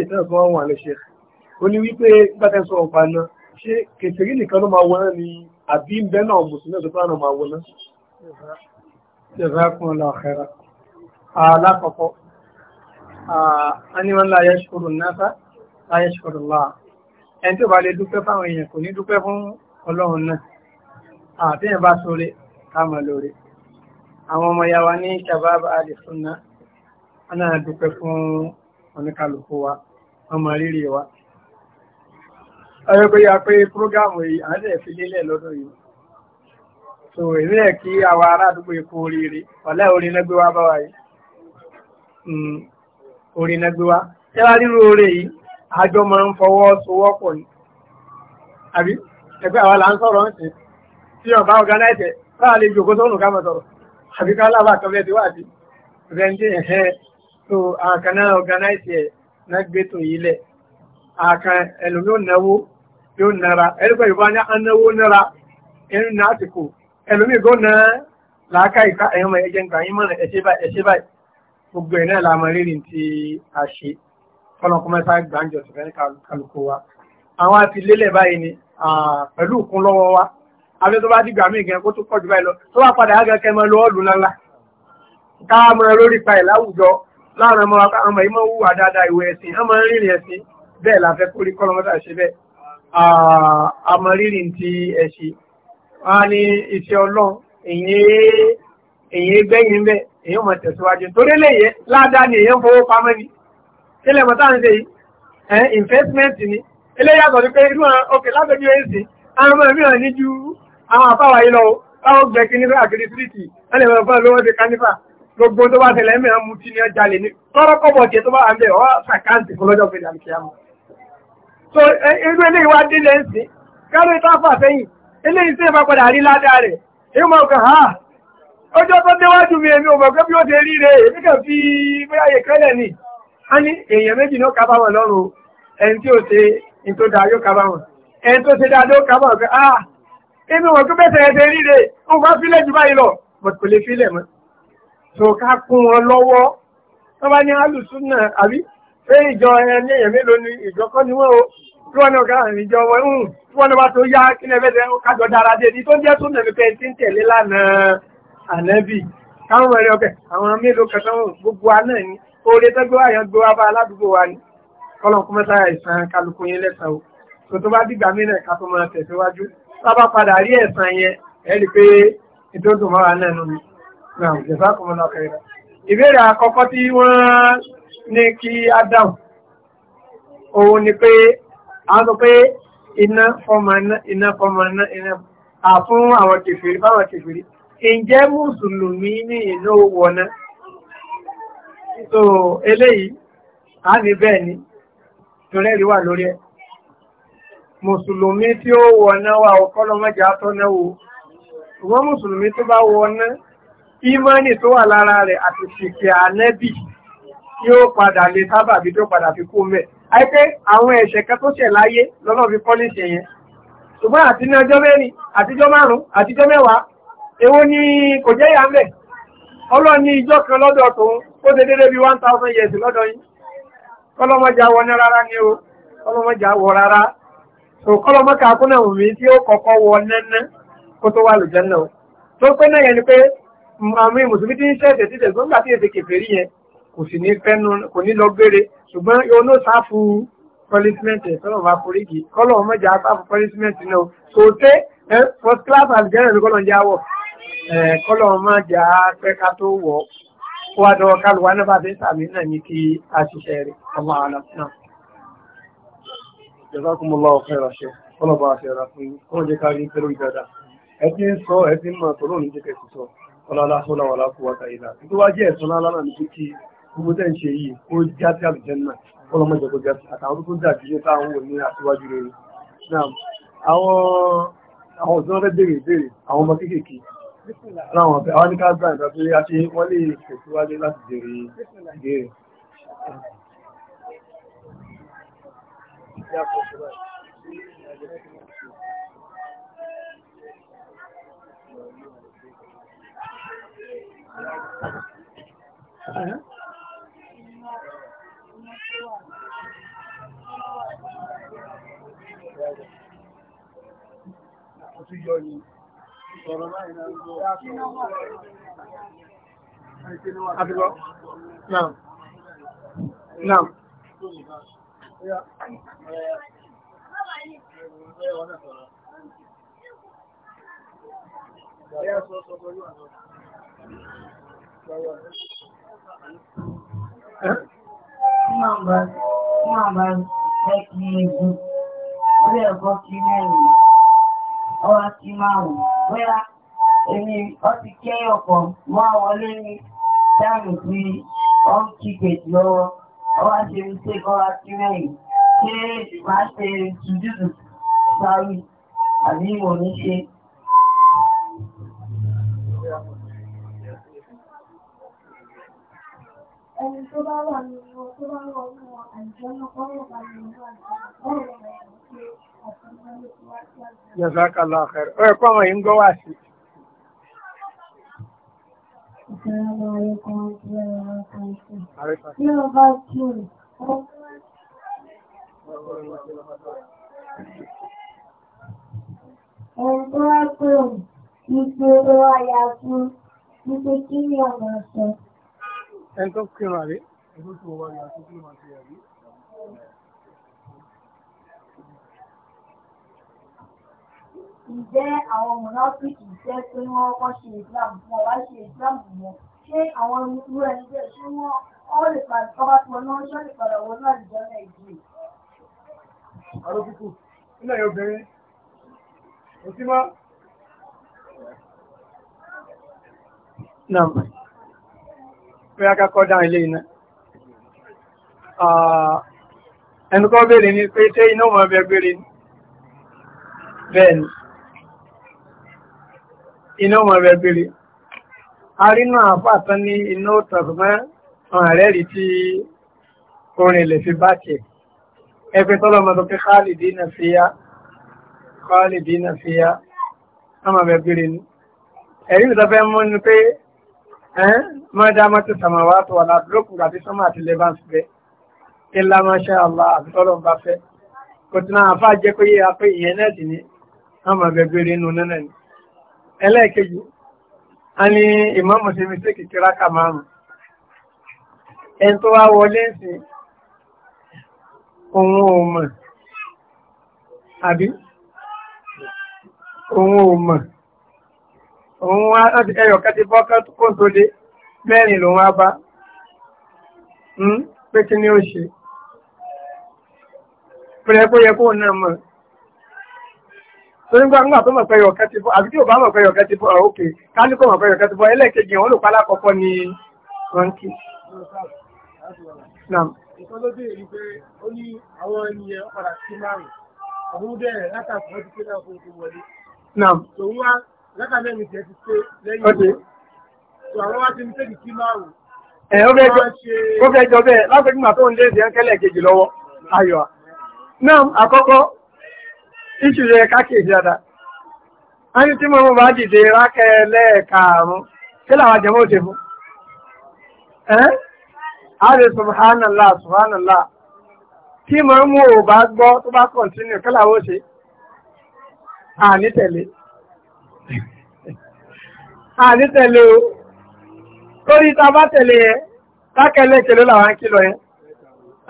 ìbéèrè náà tó wọ́n wà lè ṣe ó ní wípé gbàtẹ́ sọ ọ̀pá náà ṣé kẹsìrì nìkan ló máa wọ́n ni àbí ń bẹ́ náà mùsùlùmí tó bá náà máa wọ́n náà. jazakumullahu khaira alákọ̀ọ́kọ́ anímọ̀ ńlá yashkuru náà la yashkurullah ẹni tó bá lè dúpẹ́ fáwọn èèyàn kò ní dúpẹ́ fún ọlọ́run náà àtẹ́yìn bá sóre káàmà lórí àwọn ọmọ yàwá ní shabab alisunna ana dúpẹ́ fún oníkàlùkù wa wọ́n mọ rírì wa ọ̀rẹ́gbẹ́yà pé prógámù yìí a lè fi lélẹ̀ lọ́dún yìí so èmi rẹ̀ kí àwọn ará àdúgbò ikú oríire ọ̀lá orin lẹ́gbẹ́ wa bá wa yìí hmm, orin lẹ́gbẹ́ wa ṣé wá rírú oore yìí àjọ máa ń fọwọ́ sowọ́pọ̀ ni àbí ẹgbẹ́ àwa là ń sọ̀rọ̀ ń sìn tí ọba ọ̀gánáìtẹ̀ fáà lè jòkó sọ́nù ká mọ̀ sọ̀rọ̀ àbí ká lábàá kan fẹ́ẹ́ ti wá àti rẹ̀ ń dé ẹ̀hẹ́ so àwọn kan náà ọ̀gánáìtẹ̀ nágbétò ilẹ̀ àkàn ẹlòmí ò náwó yóò nára ẹlùpẹ̀ yorùbá ní anáwó nára ẹnu náà ti kò ẹlòmí gó na làákà ìka ẹ̀yọ́mọ ẹ̀jẹ̀ nǹkan yín mọ̀ràn ẹ̀ṣẹ̀ báyìí ẹ̀ṣẹ̀ báyìí gbogbo ẹ̀ náà làmọ̀ rírì ti àṣe wa àwọn àti lélẹ̀ báyìí ni pẹ̀lú òkun lọ́wọ́ wa abẹ́ tó bá dìgbà mí gan kó láàrin ọmọ àmà ìmọ̀ wúwà dáadáa ìwé ẹ̀sìn a máa rírìn ẹ̀sìn bẹ́ẹ̀ láfẹ́ kó rí kọ́lọmọ́ta ṣe bẹ́ẹ̀ a máa rírìn ti ẹ̀ṣì a ní iṣẹ́ ọlọ́run èyí gbẹ́yìn bẹ́ẹ̀ èyí mọ̀ tẹ̀síwájú torí lẹ́yẹ ládàá ni èyí ń fowó pamọ́ ni kílẹ̀ mọ̀ investment ni eléyà sọ pé irú àwọn òkè ẹ̀sìn àwọn ọmọ mìíràn ní ju àwọn àfáwà yìí lọ báwọn gbẹ̀kí fún ti kánífà gbogbo tó bá tẹ̀lẹ̀ mẹ́rin mú tí ní ọjà lè ní tọ́rọkọ́bọ̀ jẹ́ tó bá wà mẹ́rin ọ́ sàkáǹtì fún lọ́jọ́ fẹ́lẹ̀ àmìkìyàmù so irú eléyìí wá délẹ̀ ń sí káró ìtafà sẹ́yìn eléyìí sí ìfà padà rí ládàá rẹ̀ èyí mọ̀ kàn á ọjọ́ tó déwájú mi ṣe rí ni a ní èèyàn méjì ní ó kábàámọ̀ lọ́rùn ẹni tí ó ṣe ní ah èmi mọ̀ pé bẹ́ẹ̀ tẹ̀yẹ̀ ṣe rí rẹ̀ ó bá fílẹ̀ jù báyìí lọ bọ̀t kò lè fílẹ̀ mọ́ tó ká kún wọn lọ́wọ́ tó bá ní alùsùn náà àbí pé ìjọ ẹni èyàn mélòó ni ìjọ kọ́ ni wọ́n o tí wọ́n náà kára ìjọ wọn ń tí wọ́n náà bá tó yá kí lẹ́fẹ̀ẹ́ kájọ dára dé ní tó jẹ́ tó nẹ̀lú pé tí ń tẹ̀lé lánàá ànẹ́bì káwọn ẹ̀rẹ́ ọkẹ̀ àwọn mélòó kẹta wọn gbogbo wa náà ni oore tẹ́gbẹ́ wa yẹn gbé wa bá aládùúgbò wa ni o tó tó bá dìgbà mí náà ká tó máa tẹ̀síwájú bá bá padà rí pé ètò ìdùnmọ́ náà nù ni náà jazakumullahu khairan ìbéèrè àkọ́kọ́ tí wọ́n ní kí adam òun ni pé a sọ pé iná fọmọ iná fọmọ iná àfún àwọn kèfèrí fáwọn kèfèrí ǹjẹ́ mùsùlùmí ní iná wọná so eléyìí a ní bẹ́ẹ̀ ni tọ́lẹ́rì wà lórí ẹ̀ mùsùlùmí tí ó wọná wà ọkọ́lọ́mọ́jà tọ́náwó ìmọ́nì tó wà lára rẹ̀ àti ṣìkẹ̀ ànẹ́bì ó padà lè sábàbí tó padà fi kú mẹ́. àìpé àwọn ẹ̀ṣẹ̀ kan tó ṣẹ̀ láyé lọ́nà fi kọ́ níṣẹ̀ yẹn ṣùgbọ́n àti ní ọjọ́ mẹ́rin àtijọ́ márùn-ún àtijọ́ mẹ́wàá kò jẹ́ ìyá mẹ́ ọlọ́ni ìjọ kan lọ́dọ̀ ṣe one thousand years lọ́dọ̀ yín kọ́lọ́mọjà wọ ní ni o kọ́lọ́mọjà wọ rárá kúnnà wùmí tí ó wọ nẹ́nẹ́ kó tó wà lùjẹ́ náà tó pé náà yẹn ni pé àmì mùsùlùmí tí ń ṣẹ̀ṣẹ̀ tí tẹ̀sán gbà tí èsè kèfèrí yẹn kò sì ní fẹ́nu kò ní lọ gbére ṣùgbọ́n yóò sáfù punishment ẹ̀ tọ́lọ̀ bá foríjì kọ́lọ̀ mọ́jà sáfù punishment náà kò tẹ́ first class àlùjẹ́rẹ̀ ló kọ́lọ̀ ń jáwọ̀ kọ́lọ̀ mọ́jà pẹ́ka tó wọ̀ kó wá dọ́wọ́ kálùwá náà bá fi ń sàmì náà ní ẹ ti ń sọ ẹ ti ń mọ̀ tọ́lọ́ ní jẹ́kẹ̀ẹ́ sọ ọlọ́lá sọ́lá wà lákòwàtà ìlà tó wá jẹ́ ẹ̀sán lára ní kíkí gbogbo tẹ́ ń ṣe yìí ó já sí àlùjẹ́nà ọlọ́mọdé kó já sí àtàwọn tó dà jíjẹ́ táwọn wò ní àtiwájú rere náà àwọn àwọn òṣìṣẹ́ fẹ́ béèrè béèrè àwọn ọmọ kéékèèké láwọn ọ̀fẹ́ àwọn nípa Àfikọ́. Yeah, Nọ́mbà ẹ̀kì egun, orí ẹ̀kọ́ kí mẹ́rin, ọwá kí márùn-ún, bóyá èmi ọ ti kí ọ̀pọ̀ wá wọlé ní táàmù tí ọ ń kí kèjì lọ́wọ́, ọwá ṣe ń tẹ́ kọ́wá kí mẹ́rin, ṣé máa ṣe ṣùjúdù sáré àbí ìwọ̀n ní ṣe. ẹni tó bá wà nínú tó bá wà nínú àìjọ́nà ọ̀rọ̀ bá nínú ọ̀rọ̀ Jazakallah khair. Ó ẹ̀kọ́ àwọn yìí ń gbọ́ wá sí. Tí ó bá kí ó Ẹni tó wá pé òun, ní pé ó wá ya fún, ní pé kí ni ọ̀nà ẹni tó kírun àrí ẹgbẹ́ tó wà ní àti kí ló máa ṣe àrí. Ǹjẹ́ àwọn mọ̀nàfíìkì jẹ́ pé wọ́n kọ́ ṣe ìsìlámù fún ọ̀wá ṣe ìsìlámù wọn? Ṣé àwọn irú ẹni bẹ́ẹ̀ ṣé wọ́n ọ́ lè padà ọba tí wọn náà ṣé lè padà wọ náà ìjọ Nàìjíríà? Àrò kúkú, ilé yóò bẹ̀rẹ̀. Òsínmọ́. Nàmà pé akẹ́kọ̀ọ́ dá ilé iná ẹnukọ́ bèèrè ní pé ṣé iná mọ̀ bẹ gbére ní bẹ́ẹ̀ni iná mọ̀ bẹ gbére a rí náà pàtán ní iná tọ̀tùmọ́ ààrẹ rí tí orin lè fi bá tiẹ̀ ẹgbẹ́ tọ́lọ́mọ tó pé khalidina fiya khalidina fiya ọmọ bẹ gbére ní ẹ̀rí mi mú ni pé hein madama to samawa to wala blok nga ti sama ti levans be illa ma sha allah to lo ba fe ko tina afa je ko ye na ti ni ama ma be ri nu nanan ele ke ju ani imam se mi se ki kira ka ma en to wa wọle si ohun o mo abi ohun o mo òun wá láti ẹyọ kẹtí fọ́kán tó kó sóde mẹ́rin lòun wá bá hmm? pé kí ni ó ṣe pẹ̀lẹ́ kó yẹ kó náà mọ̀ torí gbàgbà tó mọ̀ pé ẹyọ kẹtí fọ́ àbí tí ò bá mọ̀ pé ẹyọ kẹtí fọ́ òkè ah, kájú kò mọ̀ pé ẹyọ kẹtí fọ́ ó ní àwọn ènìyàn padà sí márùn-ún. Àwọn ó látàkùn ọdún pé náà fún ogun Tòun wá lẹ́ka mẹ́rin jẹ́ ti pé lẹ́yìn ìwé tó àwọn wá ti ní tẹ́lì kí márùn-ún. ẹ̀ ó fẹ́ jọ bẹ́ẹ̀ láfẹ́gbìmọ̀ tó ń lé tí mo mú bá dìde rákẹ́ lẹ́ẹ̀kààrún kí làwọn jẹmọ́ òṣè fún ẹ́ a lè subhanallah subhanallah tí mo mú ò bá gbọ́ tó bá kọ̀ntínú kí làwọn òṣè à ní tẹ̀lé àní tẹ̀lé o lórí ta bá tẹ̀lé yẹn lákẹ́lẹ́ kẹlẹ́ làwọn kìlọ̀ yẹn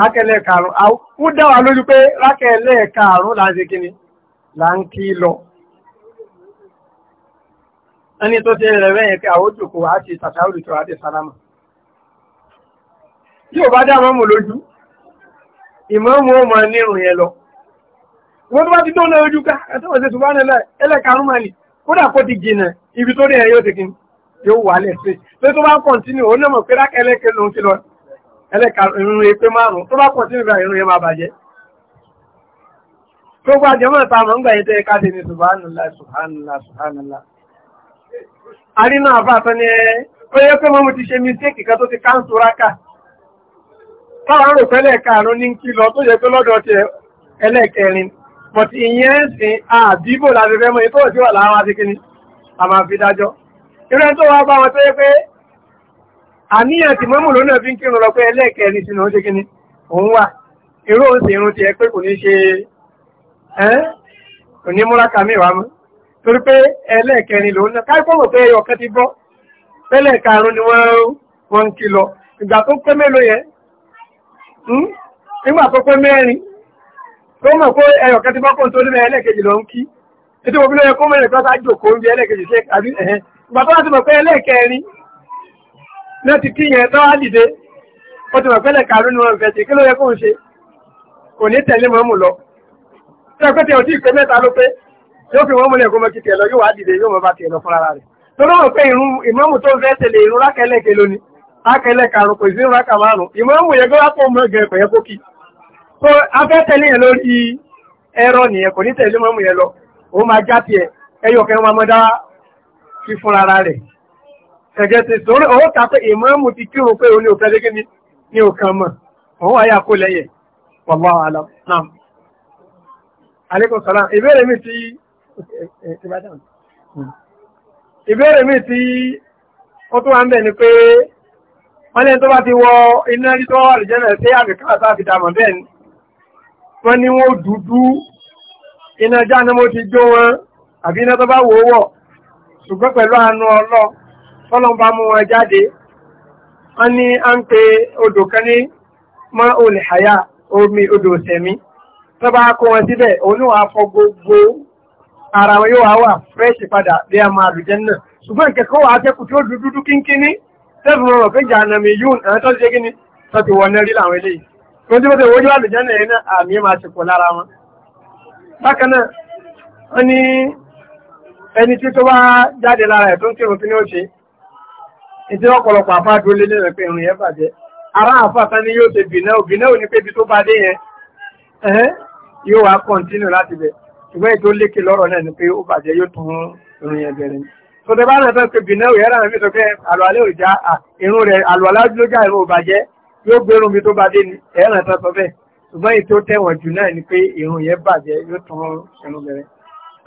lákẹ́lẹ́ karùn-ún àwọn wa lójú pé lákẹ́lẹ́ karùn-ún là ń ṣe kíni là ń kí lọ ẹni tó ti rẹ̀ rẹ̀ yẹn pé àwọn òjòkó á ti tàṣàwùrù tó wá dé sálámà tí ò bá dá mọ́mù lójú ìmọ̀ọ́mù ó mọ nírun yẹn lọ wọ́n tó bá ti tó lójú ká ẹ̀tọ́ ọ̀sẹ̀ tó bá nílẹ̀ ẹlẹ́karùn-ún kódà kó ti jìnà ibi tó dẹ̀ yóò ti kí yóò wà lẹ́sẹ̀ pé tó bá kọ̀ntínú ó náà mọ̀ pé lákẹ́ ẹlẹ́kẹ́ ló ń ti lọ ẹlẹ́ka irun epe márùn tó bá kọ̀ntínú bá irun yẹn máa bàjẹ́ tó gba jẹ́mọ̀ ta mọ̀ ń gbà yẹn tẹ́ dé ní subhanallah subhanallah subhanallah arínà àfàtàn ni ó yẹ pé mọ́mú ti ṣe mistake kan tó ti káńsù rákà táwọn rò pẹ́lẹ̀ karùn-ún ní kí lọ tó yẹ pé lọ́dọ̀ tiẹ̀ ẹlẹ́kẹrin but ìyẹn sì àbíbò láti fẹ́ mọ́ ikọ́ tí wà láwọn àti kíní a máa fi dájọ́ irẹ́ tó wá bá wọn tó yẹ pé àníyàn tí mọ́mù lónà fi ń kírun lọ pé ẹlẹ́ẹ̀kẹ́rin sínú ṣe kíní òun wà irú òun sì irun ti ẹ pé kò ní ṣe ẹ́ kò ní múra kàmí ìwà mọ́ torí tó mọ̀ pé ẹyọ̀ kan ti bá kóhun tó lé ẹlẹ́ẹ̀kejì lọ ń kí ètò òbí lóye kó mẹ́rin kan sáájò kó ń bí ẹlẹ́ẹ̀kejì ṣe àbí ẹ̀hẹ́ ìgbà tó láti mọ̀ pé ẹlẹ́ẹ̀kẹrin náà ti kí yẹn tó wá dìde ó ti mọ̀ pé ẹlẹ́ẹ̀karùn ni wọ́n fẹ́ ṣe kí ló yẹ kóhun ṣe kò ní tẹ̀lé mọ́mù lọ tí wọ́n pé tí o ti pé mẹ́ta ló pé yóò fi wọ́n múlẹ̀ kó mọ kí tiẹ̀ lọ fẹ́ so afẹ́tẹ̀lé yẹn lórí ẹ̀rọ nìyẹn kò ní tẹ̀lé mọ́mù yẹn lọ ó máa já tiẹ̀ ẹyọ kẹ́ wọn mọ́dá fi fún ara rẹ̀ ẹ̀jẹ̀ ti sọ̀rọ̀ ó kà pé ìmọ̀ọ́mù ti kírun pé òun ní òkè lẹ́gẹ́ ni ní òkan mọ̀ òun wáyà kó lẹ́yẹ̀ wallahu alam naam alaikum salam ìbéèrè mi ti ìbéèrè ti ó tún wá ń bẹ̀ ni pé wọ́n lẹ́yìn tó bá ti wọ iná rí tó wà lè jẹ́ wọ́n ní wọ́n dúdú iná jáná mo ti jó wọn àbí iná tó bá wò ó wọ̀ ṣùgbọ́n pẹ̀lú àánú ọlọ́ tọ́lọ́n bá mú wọn jáde wọ́n ní à ń pe odò kan ní mọ́ olè omi odò òsẹ̀mí tó bá kó wọn síbẹ̀ òun wàá fọ gbogbo ara wọn yóò wá wà fírẹ́ṣì padà bí a máa lù jẹ́ náà ṣùgbọ́n ìkẹ́kọ̀ọ́ wàá tẹ́kù tí dúdú kínkínní tẹ́fù mọ̀ pé jàǹdàmì yún àwọn tó ṣe kí ni tó ti wọ̀ náà rí làwọn eléyìí wọ́n tí wọ́n tẹ̀ wọ́n jẹ́ àlùjànnà yìí náà àmì máa ṣe pọ̀ lára wọn. bákan náà wọ́n ní ẹni tí tó bá jáde lára ẹ̀ tó ń kírun kí ni ó ṣe ìdí ọ̀pọ̀lọpọ̀ àfáà dúró lé lẹ́rẹ̀ pé ìrìn yẹn bàjẹ́ ara àfáà tán ni yóò ṣe bìnẹ́ ò bìnẹ́ ò ní pé ibi tó ni pé ó bàjẹ́ yóò tún ìrìn yẹn bẹ̀rẹ̀ ni tó tẹ bá náà tán pé bìnẹ́ ò yẹra mi sọ àlọ́ alẹ́ ò já rẹ̀ àlọ́ alájú ló já irun ò yóò gbérùn mi tó bá dé ni ẹ̀ràn tán sọ bẹ́ẹ̀ ṣùgbọ́n èyí tó tẹ̀wọ̀n jù náà ni pé ìrùn yẹn bàjẹ́ yóò tán ẹnu bẹ̀rẹ̀.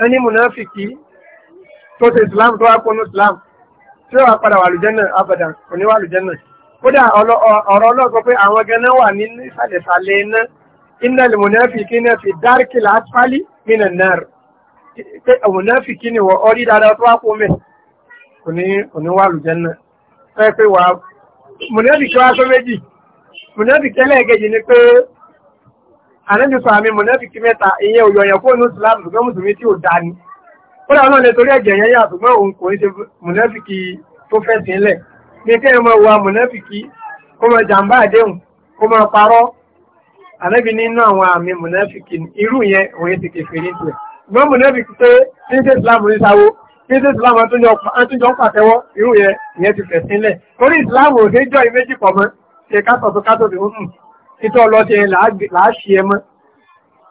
ẹ ní mùnáfìkì tó ṣe islam tó wá kónú islam tí ó wà padà wà lùjẹ́nà abadan kò ní wà lùjẹ́nà. kódà ọ̀rọ̀ ọlọ́ọ̀ sọ pé àwọn gan náà wà ní ìsàlẹ̀sàlẹ̀ iná iná lè mùnáfìkì náà fi dárkì láàpálí nínà náà pé mùnáfìkì ni wọ́n ọrí dáadáa tó wá kó mẹ́ kò ní wá sọ méjì mùnẹ́bìkì ẹlẹ́ẹ̀kejì ni pé àníbìsọ àmì mùnẹ́bìkì mẹ́ta ìyẹn òyò ọ̀yàn fóònù islam ṣùgbọ́n mùsùlùmí tí ò dání ó dáwọn náà lè torí ẹ̀jẹ̀ yẹn yà ṣùgbọ́n òun kò ń ṣe mùnẹ́bìkì tó fẹ́ sí ilẹ̀ ní kí ẹmọ wa mùnẹ́bìkì kó mọ jàǹbá àdéhùn kó mọ parọ́ àníbi nínú àwọn àmì mùnẹ́bìkì irú yẹn òun ti ṣe islam ní sáwó ní ṣe islam àtúnjọ pàtẹ́wọ́ irú yẹn ìyẹn ti fẹ̀ sílẹ̀ torí islam ò ṣe kátọ̀tún kátọ̀tún ó mù títọ́ lọ ṣe láàṣì ẹ mọ́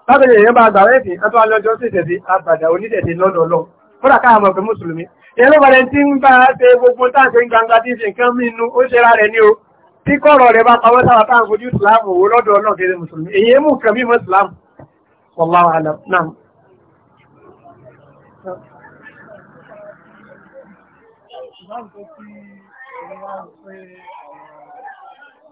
látọ̀jẹ̀ èèyàn bá gbàrẹ́ ìsìn ẹ̀tọ́ alọ́jọ́ sí ìṣẹ̀dí àgbàdà oníṣẹ̀dí lọ́dọ̀ lọ kódà káà mọ̀ pé mùsùlùmí èèyàn ló bàrẹ̀ tí ń bá ṣe gbogbo tá à ń ṣe ń gbangba tí ń ṣe nǹkan mínú ó ṣe o tí kọ̀rọ̀ rẹ̀ bá pamọ́ sára tá à ń fojú ìsìlámù owó lọ́dọ̀ ọlọ́run kéré mùsùlùmí èèyàn mú nǹkan mímọ́ ìsìlámù wallahu alam naam Ìbáwọ̀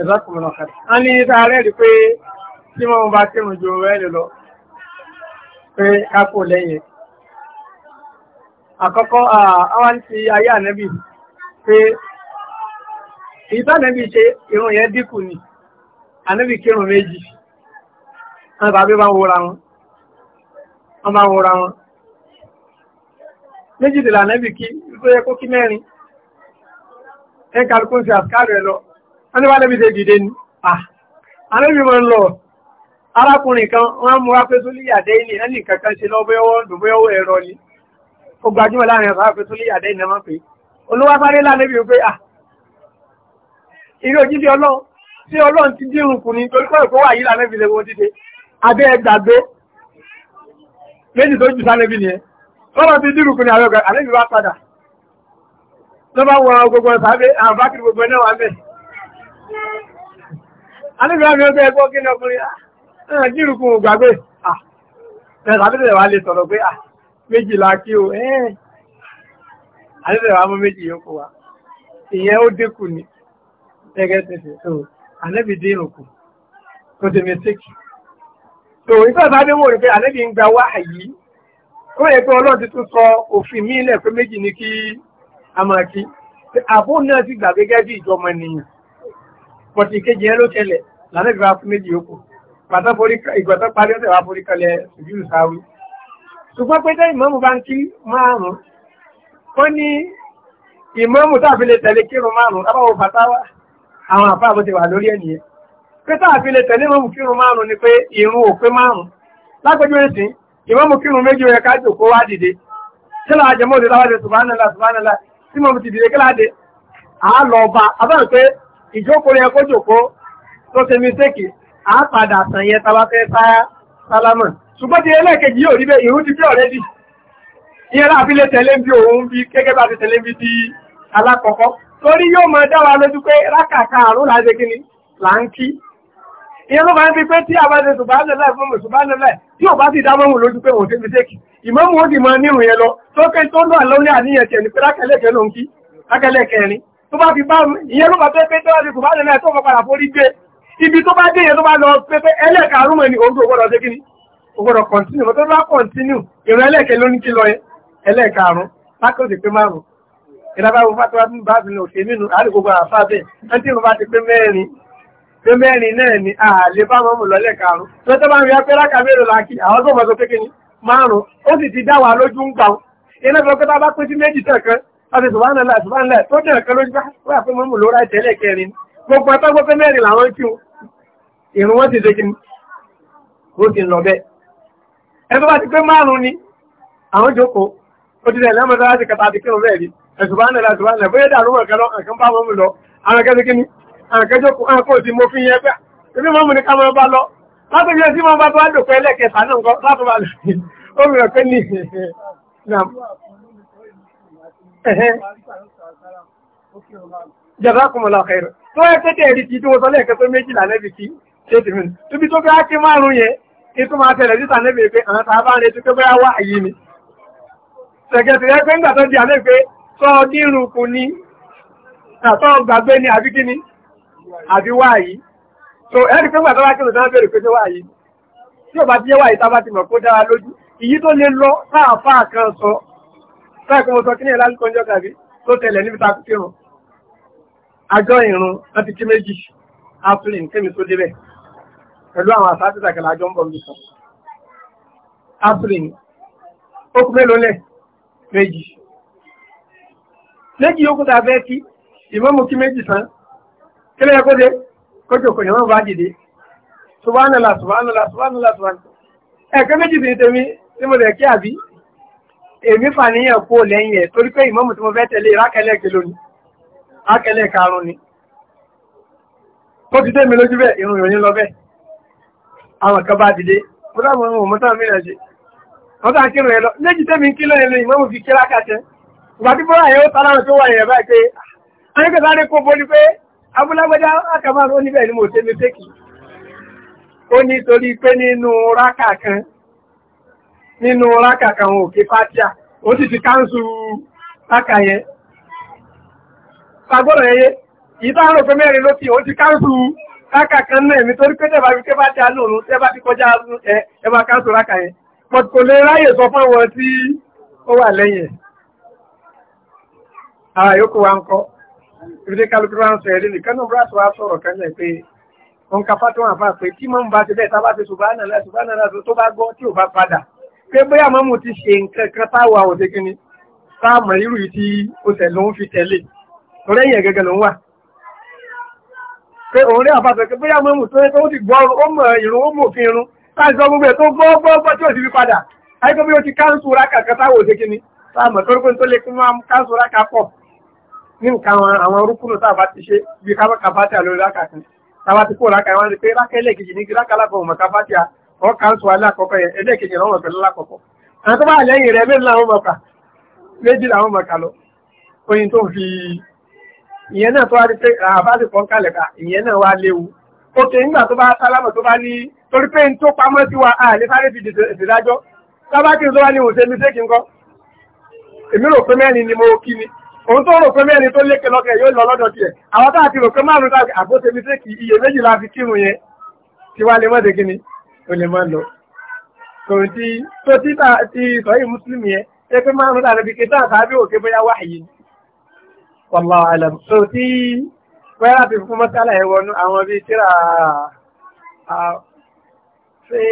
ẹ̀dá kùmọ̀ náà kàdé. a ní ta rẹ̀ rí pé tí wọ́n bá tí mo ju rẹ̀ lọ pé kápò lẹ́yìn. àkọ́kọ́ àwọn ti ayé ànẹ́bì pé ìtànẹ́bì ṣe irun yẹn dínkù ni ànẹ́bì kírun méjì wọn bá bí bá ń wúra wọn wọn bá ń wúra wọn méjìdínlá ànẹ́bì kí tó ẹkàlùkún sí àkàrẹ̀ lọ wọ́n bá lẹ́bí ṣe dìde ní àrẹ́bí mọ́ ń lọ arákùnrin kan wọ́n mú wá pé tó lè yàdẹ́ ilé ẹni kankan ṣe lọ́bẹ́ọwọ́ dùbẹ́ọwọ́ ẹ̀rọ ni ó gbajúmọ̀ láàrin ọ̀sán pé tó lè yàdẹ́ ìnà máa pé olúwáfáré lálẹ́bí pé à irú òjíṣẹ́ ọlọ́run tí ọlọ́run ló bá wọ gbogbo sábẹ́ àbákìrì gbogbo náà wà bẹ́ẹ̀. alẹ́gbẹ̀ẹ́ àmì ọgbẹ́ ẹgbọ́ ah, kí ní ọkùnrin náà jírùkún gbàgbé ah, àbẹ́tẹ̀lẹ̀ wà lè sọ̀rọ̀ pé ah, méjìlá kí o ẹ́ẹ̀ àbẹ́tẹ̀lẹ̀ wà mọ́ méjì yóò kó wa ìyẹn ó dínkù ní ẹgẹ́ tẹ̀sẹ̀ tó ànẹ́bì dínkù tó ti mẹ́tíkì tó ìfẹ́ sáadé wò rí pé ànẹ́bì àmàkí àbó náà ti gbà gẹ́gẹ́ bí ìjọmọ ènìyàn pọ̀tì ìkejì ẹ ló ṣẹlẹ̀ lánàá ìgbà fún méjì yòókù ìgbàtọ́ parí ọ̀sẹ̀ wà forí kalẹ̀ ìjúlù sáwí ṣùgbọ́n pé tẹ́ ìmámù bá ń kí márùn-ún ó ní ìmámù tàbí lè tẹ̀lé kírun márùn-ún lábáwò fàtáwà àwọn àfáàbò ti wà lórí ẹ̀nìyàn pé tàbí lè tẹ̀lé ìmámù kírun márùn-ún ni pé ìrun tí mo ti dìde kíláde àálọ ọba abẹ́rẹ̀ pé ìjókòó yẹ kó jòkó tó ṣe mistake à padà sàn yẹ tàbá fẹ́ sálámà ṣùgbọ́n ti ẹlẹ́ẹ̀kejì yóò rí bẹ́ẹ̀ ìrú ti bí ọ̀rẹ́ dì ìyẹn láàbí lè tẹ̀lé bí òun bí gẹ́gẹ́ bá ti tẹ̀lé bí ti alákọ̀ọ́kọ́ torí yóò máa dá lójú pé rákàkà àrùn láti kíni là ń kí ń fi pé tí a bá ṣe tí ò bá sì dá mọ́mù lójú pé òun ṣe mistake ìmọ̀mù ó sì mọ nírun yẹn lọ tó kẹ́ tó lọ àlọ́ ní àníyàn tiẹ̀ ní pé lákẹ́lẹ́kẹ́ ló ń kí lákẹ́lẹ́kẹ́rin tó bá fi bá ìyẹn ló bá pé pé tó bá fi kù bá lẹ́ náà tó mọ padà forí gbé ibi tó bá dé yẹn tó bá lọ pé pé ẹlẹ́ẹ̀karùn mọ̀ ni òun pé mẹ́rin náà ni ààlè bá mọ́mù lọ́lẹ̀ karùn-ún tó tó bá ń rí apẹ́ráka mẹ́rin láàkì àwọn tó mọ̀ tó kékeré márùn-ún ó sì ti dá wa lójú ń gbà iná fi ọkọ̀ tá a bá pín sí méjì tẹ̀kan láti subhanallah subhanallah tó dẹ̀ kan lójú wà pé mọ́mù lóra ìtẹ́lẹ̀ kẹrin gbogbo atọ́gbọ́ pé mẹ́rin làwọn kí irun wọn ti ṣe kí ó ti lọ bẹ́ẹ̀ ẹ tó bá ti pé ni àwọn jókòó ó ti dẹ̀ lẹ́mọ̀tá láti kàtà àti kírun bẹ́ẹ̀ ni subhanallah subhanallah bóyá dàrú mọ̀ kan àkẹjọ́kù àkó ti mo fi yẹ pé ibi mọ́ mú ní ká máa bá lọ látọ̀ yẹ sí máa bá tó wá dòpẹ́ lẹ́kẹta náà nǹkan látọ̀ bá ó mìíràn pé ní jẹ́bákùnmọ̀lá ọ̀kẹ́rẹ̀ tó ẹ́ tẹ́tẹ́ ẹ̀rí ti dúró sọlẹ̀ ẹ̀kẹ́ tó méjìlá lẹ́bi kí ṣe ti mìíràn tóbi tó fẹ́ á kí márùn-ún yẹn kí tó máa tẹ̀lẹ̀ síta lẹ́bi pé àwọn tàbá ń retí tó fẹ́ wá àyè ni ṣẹ̀kẹ̀sì rẹ̀ pé ńgbà tó di ni àbí wáyìí so ẹni pé gbàtọ́ wá kí lòdán bèèrè pé ṣé wáyìí tí ò bá ti yẹ wáyìí tá a bá ti mọ̀ kó dára lójú ìyí tó lè lọ sáàfà kan sọ sáàkó mo sọ kí ní ẹ̀ lásìkò ọjọ́ kàbí tó tẹ̀lé níbi tá a ti kírun àjọ ìrun wọn ti kí méjì aflin kémi tó débẹ̀ pẹ̀lú àwọn àsáàtìsà kẹlẹ̀ àjọ ń bọ̀ níbi kan aflin ó kú mélòó lẹ̀ méjì méjì yókù tá a fẹ́ kí ìmọ̀mù kí méjì tán kílẹ̀ kó dé kójú kò yẹn wọ́n bá dìde subhanala subhanala subhanala subhanala ẹ̀kẹ́ méjì sí tèmi tí mo lẹ̀ kí àbí èmi fàníyàn kó lẹ́yìn ẹ̀ torí pé ìmọ̀mù tí mo fẹ́ tẹ̀lé rákẹ́lẹ̀ kí lónìí rákẹ́lẹ̀ karùn ni tó ti tẹ́ mi lójú bẹ́ẹ̀ irun ìròyìn lọ bẹ́ẹ̀ àwọn kan bá dìde mo dáwọn ohun mọ́tà mi rẹ̀ ṣe wọ́n tàn kírun ẹ̀ lọ méjì tẹ́mi kí lóyìn lóyìn mọ́mù fi kí rákàtẹ́ ìgbà tí bọ́lá yẹn ó tara wọn tó wà yẹn báyìí pé ah, ayé kẹta ní kó bó pé abúlágbẹ́dá àkàmà ó níbẹ̀ ni mo ṣe mi fẹ́kì ó ní torí pé nínú rákà kan nínú rákà kan ò kí fátíà ó sì ti káńsù rákà yẹn fagbọ́nà ẹyẹ ìbá àrùn pé mẹ́rin ló fi ó ti káńsù rákà kan náà mi torí pé tẹ́bà fi ké fátíà lòrùn tẹ́bà fi kọjá ẹwà káńsù rákà yẹn but kò lè ráyè sọ fún àwọn tí ó wà lẹ́yìn ẹ̀ àyókù wa ń kọ́ ìdílé kálukú bá ń sọ ẹ̀rí nìkan náà búrásù wa sọ̀rọ̀ kan náà pé òun ka fátó wọn fáà pé tí mọ́ ń bá ti bẹ́ẹ̀ tá a bá ti ṣùgbọ́n àná ṣùgbọ́n àná tó bá gbọ́ tí ò bá padà pé bóyá mọ́mù ti ṣe nǹkan kan táwọn àwọn òde kínní táàmù irú yìí tí ó tẹ̀ ló ń fi tẹ̀lé torí ẹ̀yìn gẹ́gẹ́ ló ń wà. pé òun rí àbáṣọ pé bóyá mọ́mù tó tó ti gbọ́ ó mọ̀ ìrún ó mọ̀ òfin irun láti sọ gbogbo ẹ̀ tó gbọ́ gbọ́ gbọ́ tí ò ti fi padà àyíkọ́ bí ó ti káńsù rákà kan táwọn òde kínní táàmù torí pé tó lè kún máa káńsù rákà pọ̀ ní àwọn orúkúrò tá ti ṣe bí ká lórí ráka kan ti kó ráka wọn ni pé ráka ẹlẹ́ẹ̀kejì ní ráka alákọ̀ọ́ mọ̀ ká bá tí a wọ́n kà ń sọ alákọ̀ọ́kọ́ yẹn ẹlẹ́ẹ̀kejì lọ́wọ́ pẹ̀lú alákọ̀ọ́kọ́ àwọn tó bá lẹ́yìn rẹ̀ méjì làwọn mọ̀ọ́kà méjì làwọn mọ̀ọ́kà lọ oyin tó fi ìyẹn náà tó wá rí pé àbáṣe kan kalẹ̀ ká ìyẹn náà wá léwu òkè nígbà tó bá sálámọ̀ tó bá ní torí pé n tó pamọ́ sí wa a lè sáré fi ìdájọ́ sábà kí n tó wá ní òṣèlú sékì ńkọ́ èmi rò pé mẹ́rin ni mo kí ni òun tó rò pé mẹ́rin tó lékè lọ́kẹ̀ yóò lọ lọ́dọ̀ tiẹ̀ àwọn tá àti rò pé márùn-ún tàbí àbóṣe mi tẹ́kì iye méjì la fi kírun yẹn tí wá lè mọ́ de kíni ó lè mọ́ lọ kòrò tí tó tí ti sọ́yìn mùsùlùmí yẹn ṣe pé márùn-ún tàbí bí kìtà tàbí òkè bóyá wáyé wallahu alam so tí wẹ́n láti fún mọ́sálà yẹn wọnú àwọn bíi tíra ṣe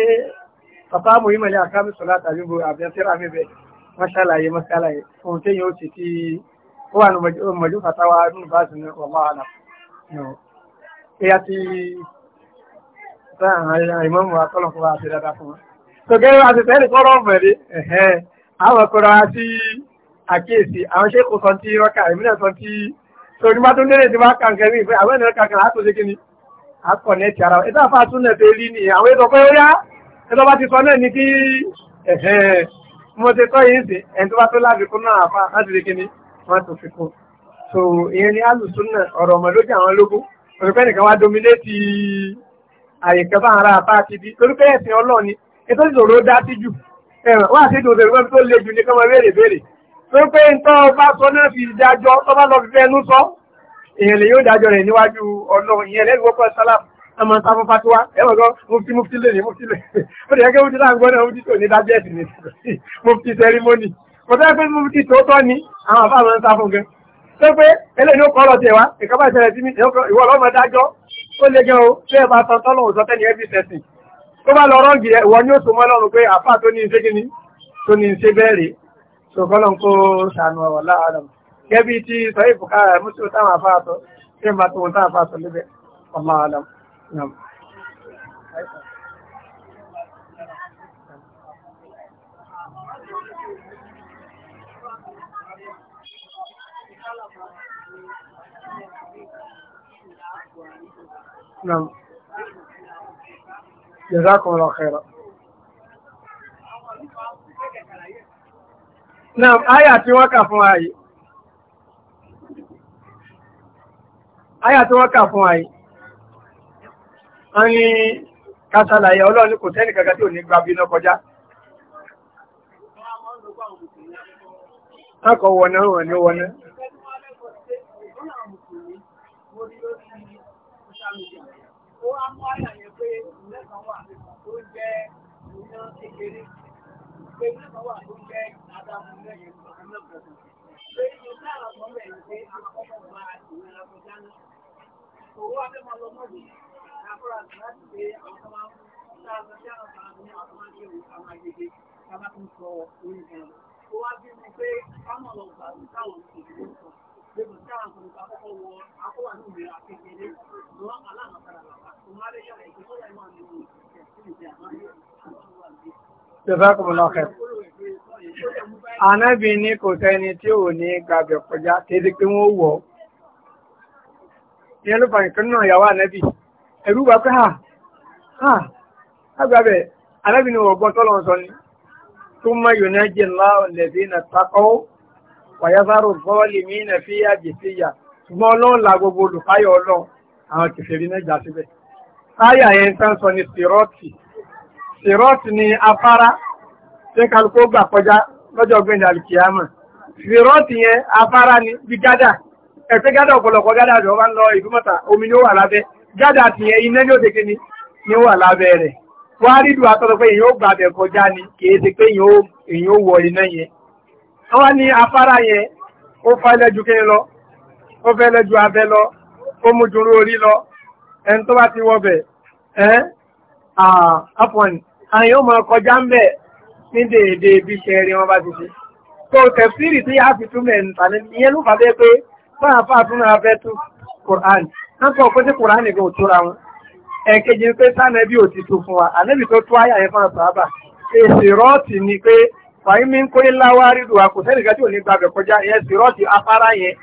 bàbá mu yìí mọ̀lẹ́ àkámi sọ̀lá tàbí bo àbẹ̀ tíra mi bẹ̀ mọ́sálà yẹn mọ́sálà yẹn fún téèyàn ó ti ti ó wà ní mọ̀jú fàtàwà nínú báàsì ní ọlọ́ àlà ẹ̀yà ti sáàrùn ìmọ̀mù àtọ́lọ̀kọ́ àti dáadáa fún wọn. tó gẹ́rẹ́ àti tẹ́lẹ̀ kọ́rọ̀ ọ̀fẹ̀dé ẹ̀hẹ́ àwọn ọkọ̀rọ̀ àti àkíyèsí àwọn ṣe kò sọ tí rọ́kà ìmúlẹ̀ sọ tí torí bá tó lérè tí wọ́n kàn kẹ́rin ìfẹ́ àwọn ènìyàn kankan àtò ṣe kíni àkọ̀ nẹ́ẹ̀tì ara ẹ̀dá fà tún nẹ̀ tẹ́lí ni àwọn ètò pé ó yá ẹ̀dọ́ bá ti sọ náà ní kí ẹ̀hẹ́ mo ti kọ́ yìí sí ẹ̀ tó bá tó láti kún náà àfa láti ṣe kíni wọ́n tún fi kún so ìyẹn ni alùsùn náà ọ̀rọ̀ ọmọ lójú àwọn lógún òṣùpẹ́ nìkan wá dominate àyè kan bá ara apá ti bí torí pé ẹ̀sìn ọlọ́ọ̀ ni ètò ìṣòro dá sí jù ẹ̀wọ̀n wá sí ìdòdò ìwé tó le jù ní kọ́mọ béèrè béèrè torí pé nǹkan ọba sọ náà fi dájọ́ tó bá lọ fi fẹ́ ẹnu sọ èèyàn lè yóò dájọ́ rẹ̀ níwájú ọlọ́run ìyẹn lẹ́nu wọ́pọ̀ sálàmù àmọ́ sáfún fatiwa ẹ̀wọ̀n gan mufti mufti lè ní mufti lè ó lè yẹ kí mufti láǹgbọ́n náà mufti tó ní dájọ́ ẹ̀sìn ní mufti sẹ́rímọ́nì kò tẹ́ pé mo ti tòótọ́ ni àwọn àbá máa ń sá fún gan tó pé eléyìí ó kọ́ lọ tiẹ̀ wá ìkọ́bá ìṣẹ̀lẹ̀ sí mi ìwọ ọlọ́mọ dájọ́ ó lè gan o tí ẹ bá san tọ́lọ̀ òsọ tẹ́ni ẹbí sẹ̀sìn tó bá lọ rọ́ǹgì ẹ ìwọ ni ó so mọ́ lọ́rùn pé àfà tó ní ṣe kí ni tó ní ṣe bẹ́ẹ̀ rè so kọ́lọ̀ ń kó sànù ọ̀wọ̀ láàárọ̀ gẹ́bí ti sọ ìfòkà mùsùlùmí táwọn àfà àtọ̀ نعم جزاكم الله خيرا نعم آية tí wọ́n kà fún ayé آية tí wọ́n kà fún ayé a ní kásàlàyé ọlọ́ni kò sẹ́ni kankan tí ò ní gbàbí iná kọjá akọ̀wọ̀nà wọ̀nà jazakumullah khair anábì ní kò sẹ́ni tí ò ní gbàgbẹ̀ kọjá tẹ́sí pé wọ́n wọ̀ ní ẹlùfà nìkan náà yàwó anábì ẹ̀rú bá pé ha agbábẹ̀ anábì ní ọgbọ́n tọ́lọ̀ sọ ni tó mọ́ yonajì láọ̀lẹ̀bí na takọ́ wàyásáró bọ́ọ̀lì mí na fi àjẹsíyà ṣùgbọ́n ọlọ́run la gbogbo olùkáyọ̀ ọlọ́run àwọn kìfèrí náà jà síbẹ̀ sirọ́ọ̀tì ni afárá tí kálukú gbà kọjá lọ́jọ́ gbẹ̀ndà alìkìyàmà yẹn afárá ni bí gádà ẹ̀fẹ́ gádà ọ̀pọ̀lọpọ̀ gádà rẹ̀ wá ń lọ ìdúmọ̀ta omi ni ó wà lábẹ́ gádà ti yẹn iná ni ni ó wà lábẹ́ rẹ̀ wá rídu àtọ́lọ pé èyàn ó ni kìí ṣe pé wọ iná yẹn wọ́n ní afárá yẹn ó lọ ó fẹ́ abẹ́ lọ ó mú àwọn yóò máa kọjá ń bẹ̀ ní dèédé bí iṣẹ́ rí wọn bá ti ṣe. tó tẹ̀síìrì tí a fi tún mẹ́rin tàbí ìyẹn ló fà bẹ́ẹ̀ pé fáàfà tún náà fẹ́ tún Quran wọ́n sọ pé tí Quran nìkan ò wọn. ẹ̀kejì pé sànẹ́bí ò ti fún wa tó mi ń kó ilá wá sẹ́nìkan tí ò ní kọjá yẹn sì rọ́ọ̀tì afárá yẹn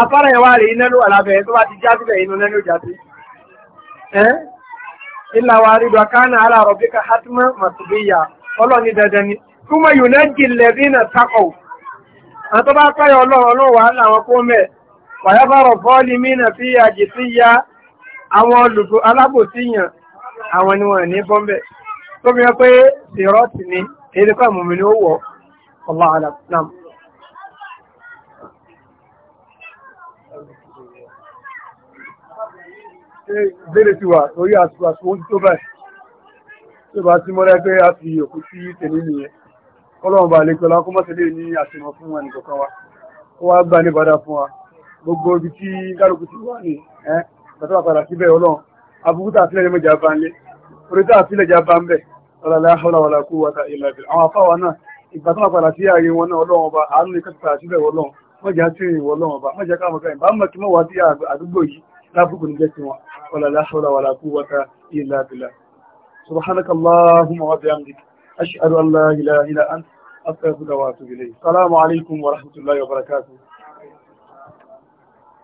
afárá yẹn wá rí iná ló wà lábẹ́ tó bá ti ilà wa rí dọ̀kánà alárọ̀bíkà hatman matubiya ọlọ́ni dandan ni túmọ̀ yunẹ́jì lẹ́bínà takọ̀ àtọ́ bá pẹ́yọ ọlọ́run wà láwọn kó mẹ́ wàyábọ̀rọ̀ bọ́ọ̀lì mínà fi àjì sí ya àwọn olùgbò alábòsíyàn àwọn ni wọ́n ní bọ́m̀bẹ̀ tó fi hàn pé sèrọ́ọ̀tì ni èdè kọ́ ìmùmí ni ó wọ̀ ọlọ́run ìbéèrè ti wà lórí àsìkò àsìkò oúnjẹ tó báyìí tí ó bá sí mọ́lẹ́ pé a fi òkú sí tèmi nìyẹn kọ́lọ́run bá lè pẹ̀lú akọ́mọ́tẹ́lẹ̀ ní àṣìmọ̀ fún ẹnìkọ̀ọ̀kan wa ó wá gbà níbàdà fún wa gbogbo ibi tí kálukú ti wà ní ẹ́ tàbí àpàdà síbẹ̀ ọlọ́run abúkútà àfilẹ̀ ní mọ̀jà bá ń lé orítà àfilẹ̀ jà bá ń bẹ̀ ọ̀làlá ọ̀làwàlà kú wata ilẹ̀ bẹ̀ àwọn afáwa náà ìgbà tó àpàdà sí ààrẹ wọn náà ọlọ́run ọba àánú ní kẹta síbẹ̀ ọlọ́run mọ̀jà tí ìwọ ọlọ́run ọba mọ̀jà káwọn ọba ìbámu kí mọ̀ wá sí àdúgbò yìí lábùkù ní jẹ́ sí wọn ولا لا حول ولا قوة إلا بالله سبحانك اللهم وبحمدك أشهد أن لا إله إلا أنت أستغفرك وأتوب إليك السلام عليكم ورحمة الله وبركاته